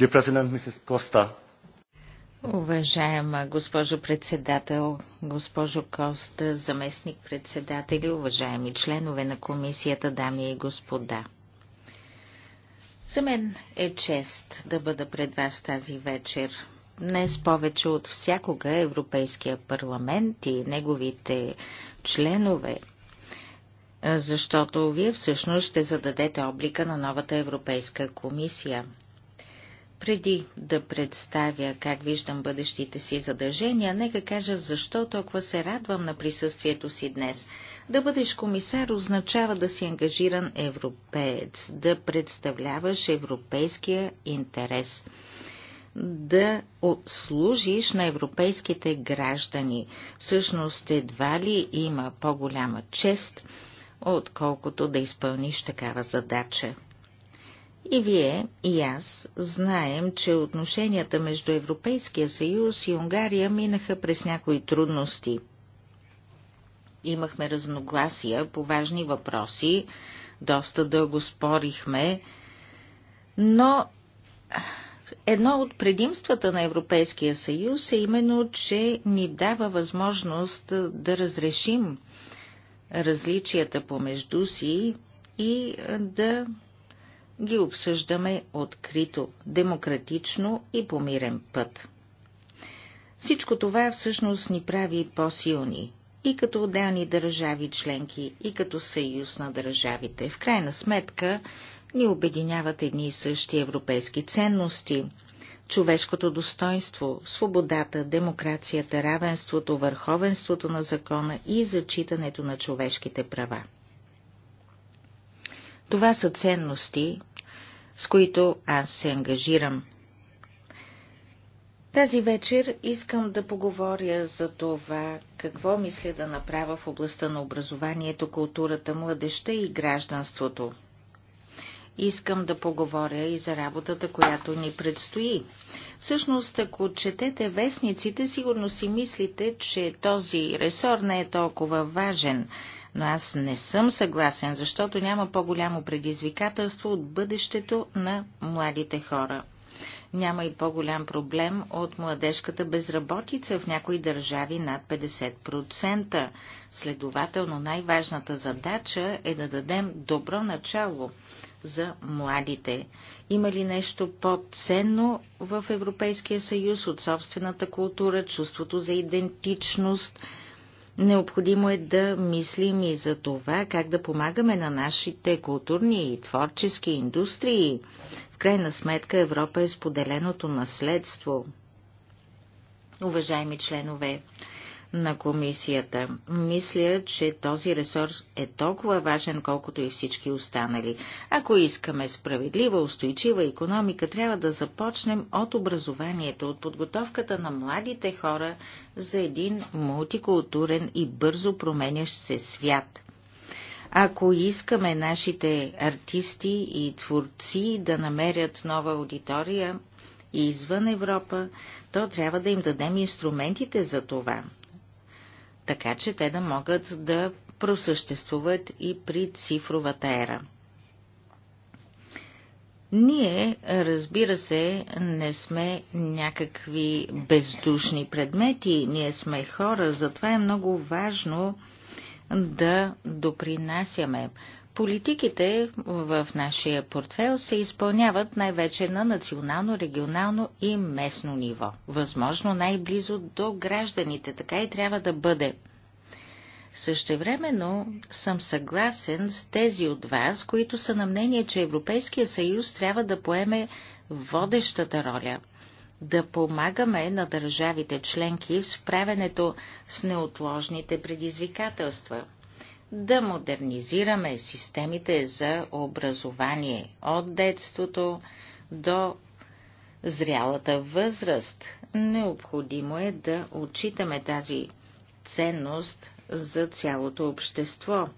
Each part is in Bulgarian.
Dear President, Mrs. Costa. Уважаема госпожо председател, госпожо Коста, заместник председатели, уважаеми членове на комисията, дами и господа. За мен е чест да бъда пред вас тази вечер. Днес повече от всякога Европейския парламент и неговите членове, защото вие всъщност ще зададете облика на новата Европейска комисия – преди да представя как виждам бъдещите си задължения, нека кажа защо толкова се радвам на присъствието си днес. Да бъдеш комисар означава да си ангажиран европеец, да представляваш европейския интерес, да служиш на европейските граждани. Всъщност едва ли има по-голяма чест, отколкото да изпълниш такава задача. И вие, и аз знаем, че отношенията между Европейския съюз и Унгария минаха през някои трудности. Имахме разногласия по важни въпроси, доста дълго спорихме, но Едно от предимствата на Европейския съюз е именно, че ни дава възможност да разрешим различията помежду си и да ги обсъждаме открито, демократично и по мирен път. Всичко това всъщност ни прави по-силни, и като отделни държави членки, и като съюз на държавите. В крайна сметка ни обединяват едни и същи европейски ценности – човешкото достоинство, свободата, демокрацията, равенството, върховенството на закона и зачитането на човешките права. Това са ценности, с които аз се ангажирам. Тази вечер искам да поговоря за това, какво мисля да направя в областта на образованието, културата, младеща и гражданството. Искам да поговоря и за работата, която ни предстои. Всъщност, ако четете вестниците, сигурно си мислите, че този ресор не е толкова важен – но аз не съм съгласен, защото няма по-голямо предизвикателство от бъдещето на младите хора. Няма и по-голям проблем от младежката безработица в някои държави над 50%. Следователно най-важната задача е да дадем добро начало за младите. Има ли нещо по-ценно в Европейския съюз от собствената култура, чувството за идентичност – Необходимо е да мислим и за това как да помагаме на нашите културни и творчески индустрии. В крайна сметка Европа е споделеното наследство. Уважаеми членове, на комисията. Мисля, че този ресурс е толкова важен, колкото и всички останали. Ако искаме справедлива, устойчива економика, трябва да започнем от образованието, от подготовката на младите хора за един мултикултурен и бързо променящ се свят. Ако искаме нашите артисти и творци да намерят нова аудитория, извън Европа, то трябва да им дадем инструментите за това така че те да могат да просъществуват и при цифровата ера. Ние, разбира се, не сме някакви бездушни предмети, ние сме хора, затова е много важно да допринасяме. Политиките в нашия портфел се изпълняват най-вече на национално, регионално и местно ниво, възможно най-близо до гражданите, така и трябва да бъде. Същевременно съм съгласен с тези от вас, които са на мнение, че Европейския съюз трябва да поеме водещата роля, да помагаме на държавите членки в справянето с неотложните предизвикателства – да модернизираме системите за образование от детството до зрялата възраст. Необходимо е да отчитаме тази ценност за цялото общество,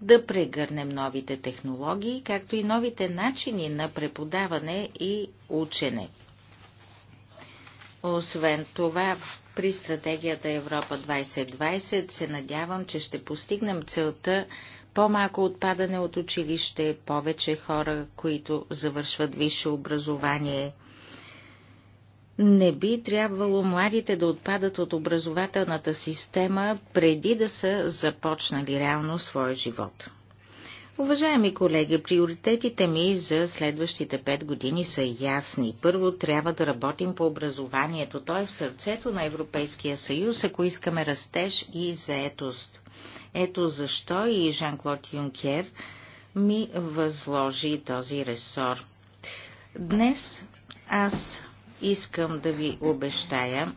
да прегърнем новите технологии, както и новите начини на преподаване и учене. Освен това, при стратегията Европа 2020 се надявам, че ще постигнем целта по-малко отпадане от училище, повече хора, които завършват висше образование. Не би трябвало младите да отпадат от образователната система преди да са започнали реално своя живот. Уважаеми колеги, приоритетите ми за следващите пет години са ясни. Първо трябва да работим по образованието. Той е в сърцето на Европейския съюз, ако искаме растеж и заетост. Ето защо и Жан-Клод Юнкер ми възложи този ресор. Днес аз искам да ви обещая,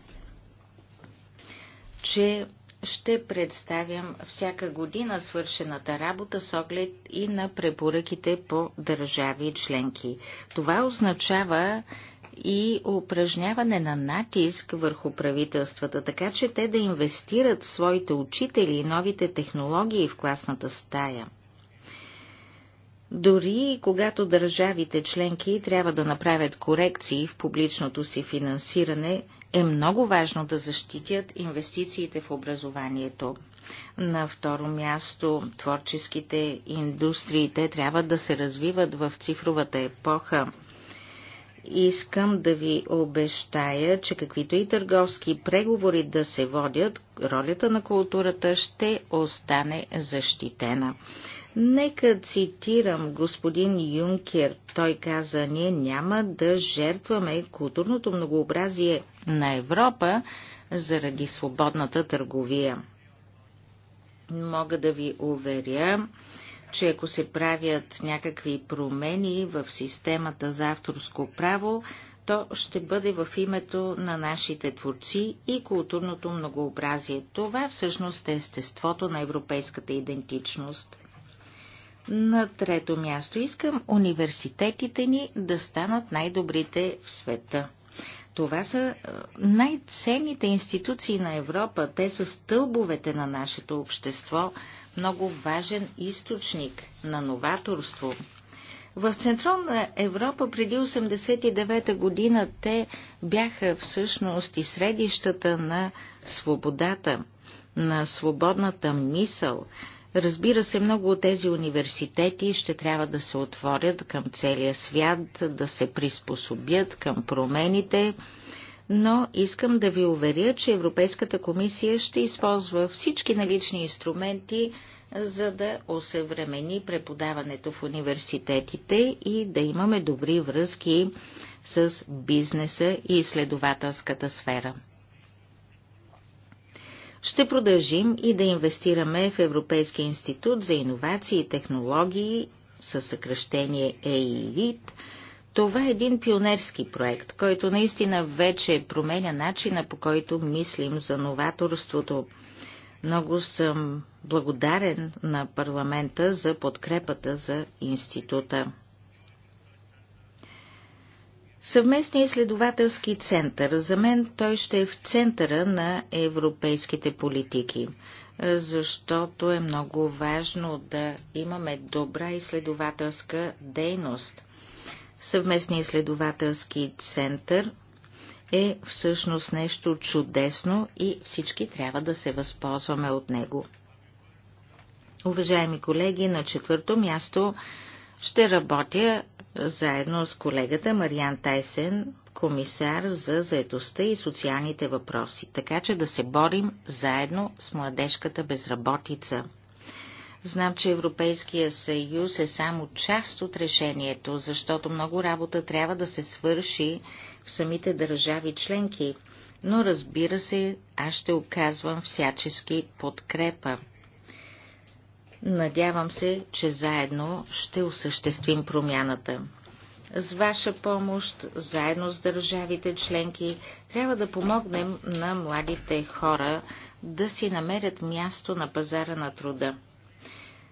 че ще представям всяка година свършената работа с оглед и на препоръките по държави и членки. Това означава и упражняване на натиск върху правителствата, така че те да инвестират в своите учители и новите технологии в класната стая – дори когато държавите членки трябва да направят корекции в публичното си финансиране, е много важно да защитят инвестициите в образованието. На второ място, творческите индустрии трябва да се развиват в цифровата епоха. Искам да ви обещая, че каквито и търговски преговори да се водят, ролята на културата ще остане защитена. Нека цитирам господин Юнкер. Той каза, ние няма да жертваме културното многообразие на Европа заради свободната търговия. Мога да ви уверя, че ако се правят някакви промени в системата за авторско право, то ще бъде в името на нашите творци и културното многообразие. Това всъщност е естеството на европейската идентичност. На трето място искам университетите ни да станат най-добрите в света. Това са е, най-ценните институции на Европа. Те са стълбовете на нашето общество, много важен източник на новаторство. В Централна Европа преди 1989 година те бяха всъщност и средищата на свободата, на свободната мисъл, Разбира се, много от тези университети ще трябва да се отворят към целия свят, да се приспособят към промените, но искам да ви уверя, че Европейската комисия ще използва всички налични инструменти, за да осъвремени преподаването в университетите и да имаме добри връзки с бизнеса и изследователската сфера. Ще продължим и да инвестираме в Европейския институт за иновации и технологии със съкръщение EIT. Това е един пионерски проект, който наистина вече променя начина по който мислим за новаторството. Много съм благодарен на парламента за подкрепата за института. Съвместният изследователски център. За мен той ще е в центъра на европейските политики, защото е много важно да имаме добра изследователска дейност. Съвместният изследователски център е всъщност нещо чудесно и всички трябва да се възползваме от него. Уважаеми колеги, на четвърто място ще работя заедно с колегата Мариан Тайсен, комисар за заедостта и социалните въпроси, така че да се борим заедно с младежката безработица. Знам, че Европейския съюз е само част от решението, защото много работа трябва да се свърши в самите държави членки, но разбира се, аз ще оказвам всячески подкрепа. Надявам се, че заедно ще осъществим промяната. С ваша помощ, заедно с държавите членки, трябва да помогнем на младите хора да си намерят място на пазара на труда.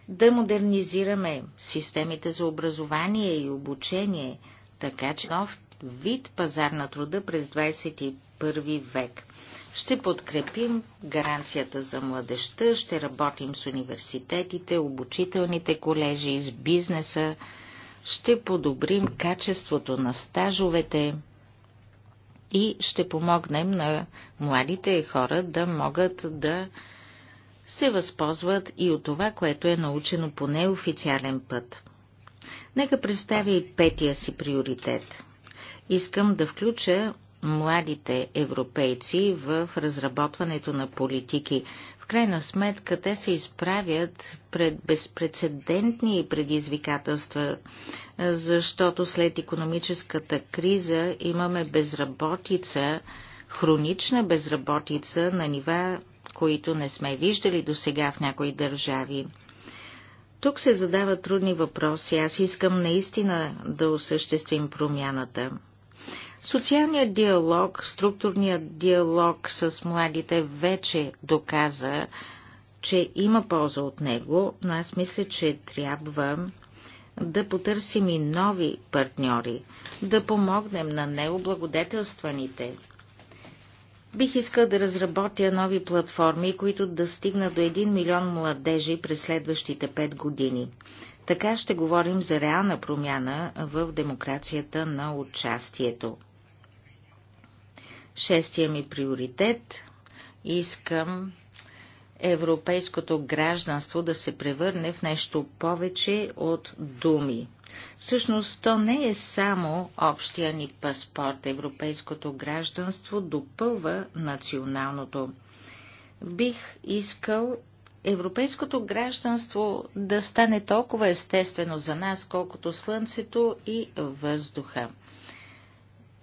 Да модернизираме системите за образование и обучение, така че нов вид пазар на труда през 21 век – ще подкрепим гаранцията за младеща, ще работим с университетите, обучителните колежи, с бизнеса, ще подобрим качеството на стажовете и ще помогнем на младите хора да могат да се възползват и от това, което е научено по неофициален път. Нека представя и петия си приоритет. Искам да включа младите европейци в разработването на политики. В крайна сметка те се изправят пред безпредседентни предизвикателства, защото след економическата криза имаме безработица, хронична безработица на нива, които не сме виждали до сега в някои държави. Тук се задават трудни въпроси. Аз искам наистина да осъществим промяната. Социалният диалог, структурният диалог с младите вече доказа, че има полза от него, но аз мисля, че трябва да потърсим и нови партньори, да помогнем на необлагодетелстваните. Бих искал да разработя нови платформи, които да стигнат до 1 милион младежи през следващите 5 години. Така ще говорим за реална промяна в демокрацията на участието. Шестия ми приоритет искам европейското гражданство да се превърне в нещо повече от думи. Всъщност, то не е само общия ни паспорт. Европейското гражданство допълва националното. Бих искал европейското гражданство да стане толкова естествено за нас, колкото слънцето и въздуха.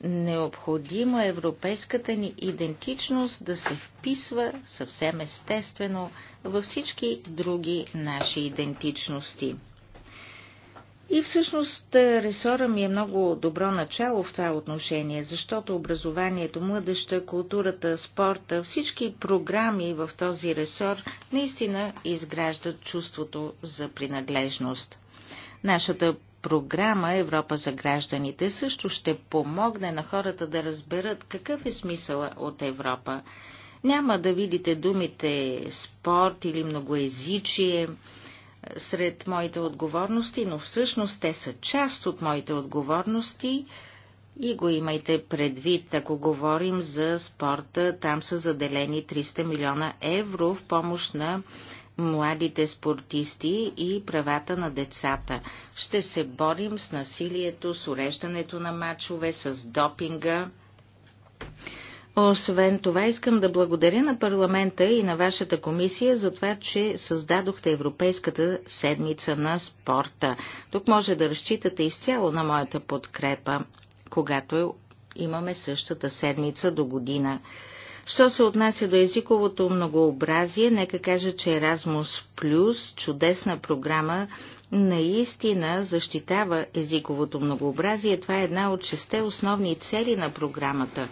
Необходимо е европейската ни идентичност да се вписва съвсем естествено във всички други наши идентичности. И всъщност е, ресора ми е много добро начало в това отношение, защото образованието, младеща, културата, спорта, всички програми в този ресор наистина изграждат чувството за принадлежност. Нашата програма Европа за гражданите също ще помогне на хората да разберат какъв е смисъла от Европа. Няма да видите думите спорт или многоезичие сред моите отговорности, но всъщност те са част от моите отговорности и го имайте предвид, ако говорим за спорта, там са заделени 300 милиона евро в помощ на младите спортисти и правата на децата. Ще се борим с насилието, с уреждането на мачове, с допинга. Освен това, искам да благодаря на парламента и на вашата комисия за това, че създадохте Европейската седмица на спорта. Тук може да разчитате изцяло на моята подкрепа, когато имаме същата седмица до година. Що се отнася до езиковото многообразие, нека кажа, че Erasmus Plus, чудесна програма, наистина защитава езиковото многообразие. Това е една от шесте основни цели на програмата.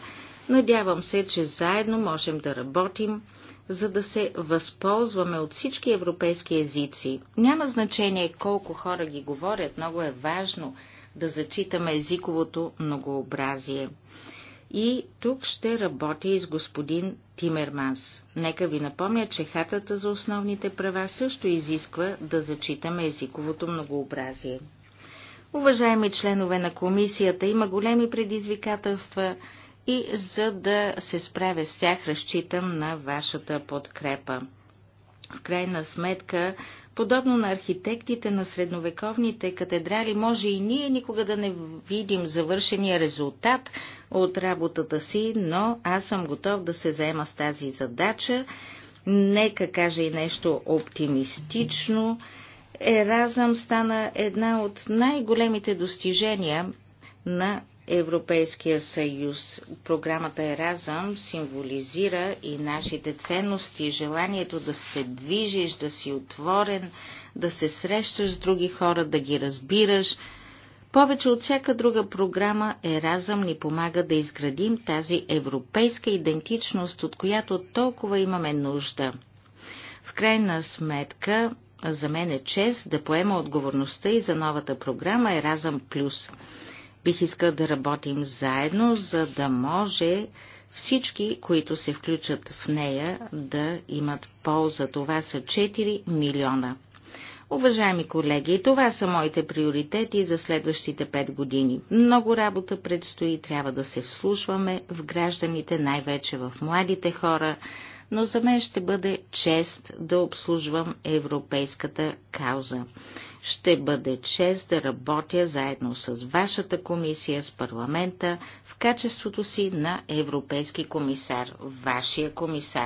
Надявам се, че заедно можем да работим, за да се възползваме от всички европейски езици. Няма значение колко хора ги говорят, много е важно да зачитаме езиковото многообразие. И тук ще работя и с господин Тимерманс. Нека ви напомня, че хатата за основните права също изисква да зачитаме езиковото многообразие. Уважаеми членове на комисията, има големи предизвикателства и за да се справя с тях, разчитам на вашата подкрепа. В крайна сметка, подобно на архитектите на средновековните катедрали, може и ние никога да не видим завършения резултат от работата си, но аз съм готов да се заема с тази задача. Нека кажа и нещо оптимистично. Еразъм стана една от най-големите достижения на Европейския съюз. Програмата Еразъм символизира и нашите ценности, желанието да се движиш, да си отворен, да се срещаш с други хора, да ги разбираш. Повече от всяка друга програма Еразъм ни помага да изградим тази европейска идентичност, от която толкова имаме нужда. В крайна сметка, за мен е чест да поема отговорността и за новата програма Еразъм Плюс. Бих искал да работим заедно, за да може всички, които се включат в нея, да имат полза. Това са 4 милиона. Уважаеми колеги, това са моите приоритети за следващите 5 години. Много работа предстои, трябва да се вслушваме в гражданите, най-вече в младите хора, но за мен ще бъде чест да обслужвам европейската кауза. Ще бъде чест да работя заедно с вашата комисия, с парламента, в качеството си на европейски комисар, вашия комисар.